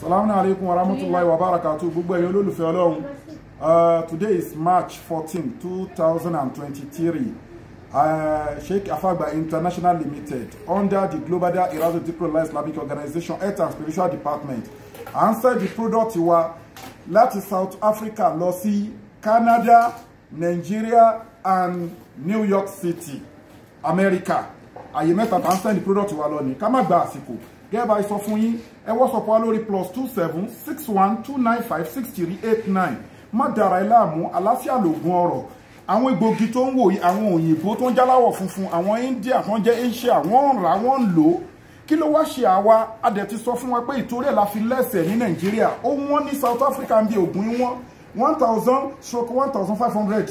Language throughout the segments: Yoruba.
salamu alaikum wa rahmatulahi wa barakatu gbogbo ẹ̀yin olólùfẹ́ ọlọ́run uh, today is march fourteen two thousand and twenty-three uh, sheikh afagba international limited under the global dahiratu dhikrlahi islamic organization health and spiritual department à ń sẹ́ẹ̀dì product wa láti south africa lọ sí canada nigeria and new york city america àyè mẹ́ta tá ń the product wa lọ ní ká má gba àsìkò gẹ́gẹ́ bá sọ fún yín ẹ WhatsApp wa lórí plus two seven six one two nine five six three eight nine má dara ẹ láàmú àlàáfíà lògùn ọ̀rọ̀ àwọn egbògi tó ń wò yìí àwọn òyìnbó tó ń jáláwọ̀ funfun àwọn India tó ń jẹ́ Asia wọ́n ń rà wọ́n ń lò ó kí ló wá ṣe àwa adẹ̀ ti sọ fún wa pé ìtorí ẹ̀ la fi lẹ́sẹ̀ ní Nàìjíríà ó wọ́n ní South Africa ń bí ògùn wọn one thousand stroke one thousand five hundred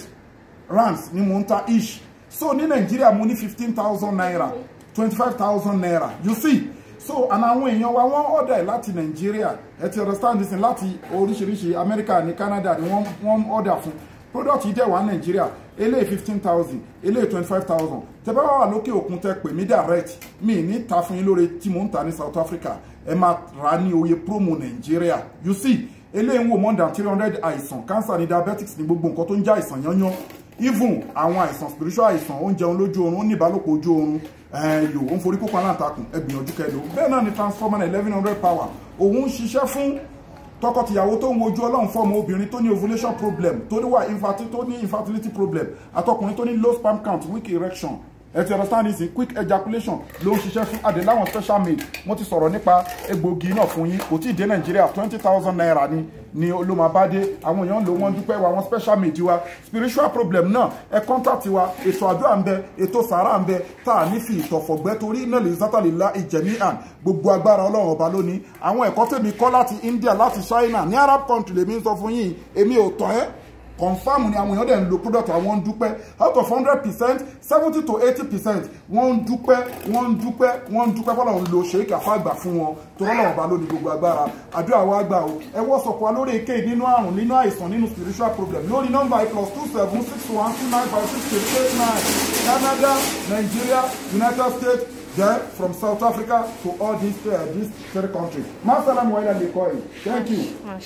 rands ni mò ń ta ish so ní Nàìjíríà mo ní fifteen thousand naira twenty five thousand naira you see so and àwọn èèyàn wa wọ́n ọ̀dà ẹ̀ láti nàìjíríà ẹ ti understand this láti oríṣiríṣi America ní canada ni wọ́n ọ̀dà fún product yìí dẹ̀ wá nàìjíríà eléyìí fifteen thousand eléyìí twenty five thousand tẹ bá wà lókè òkun tẹ pè mí direct mi ní ta fún yín lórí tí mò ń ta ní south africa ẹ máa rà ní oye promo nàìjíríà you see eléyìí ń wò more than three hundred àìsàn cancer ni diabetics ni gbogbo nǹkan tó ń jẹ́ àìsàn yányán even àwọn àìsàn spiritual àìsàn ó ń jẹun lójú oorun ó ní ìbálòpọ̀ ojú oorun yòó ó ń forí kópa aláǹtakùn ẹ gbìyànjú kẹlò bẹ́ẹ̀ náà ni transformer eleven hundred power òun ń ṣiṣẹ́ fún tọkọtìyàwó tó ń wojú ọlọ́run fọ́ọ̀mù obìnrin tó ní ovulation problem tó ní wà infertility tó ní infertility problem àtọkùnrin tó ní low sperm count weak erection ẹ ti understand this quick ejaculation ló ń ṣiṣẹ́ fún adé láwọn special made wọ́n ti sọ̀rọ̀ nípa egbògi náà fún yín kò tí ì dé nàìjíríà twenty thousand naira ni ni ló máa bá dé àwọn èèyàn ló wọ́n dúpẹ́ wa àwọn special made wa spiritual problem náà ẹ contact wa ètò àdúrà ń bẹ ètò sàárà ń bẹ tá a ní fi ìtọ̀fọ̀gbẹ́ torí náà lè sátàlì la ìjẹ̀mí àn gbogbo agbára ọlọ́run ọba lónìí àwọn ẹ̀kọ́ tèmi kọ́ láti India láti China ní Arab country lèmi ń sọ fún yín èmi ò tọ́ ẹ́ confam ni àwọn èèyàn dẹ̀ ń lo product àwọn ń dúpẹ́ out of hundred percent seventy to eighty percent wọ́n ń dúpẹ́ wọ́n ń dúpẹ́ wọ́n ń dúpẹ́ bọ́lá òun lo ṣèkà fàgbà fún wọn tó rọ́lọ́wọ́ bá lónìí gbogbo agbára àdúrà wa gbà o ẹ wọ́ sọ̀kọ́ wa lórí èké nínú àrùn nínú àìsàn nínú spiritual problem lórí nọ́mbà plus two seven six one two nine five six eight eight nine Canada Nigeria United States then from South Africa to all these uh, these three countries. Masalamu alaikum. Thank you.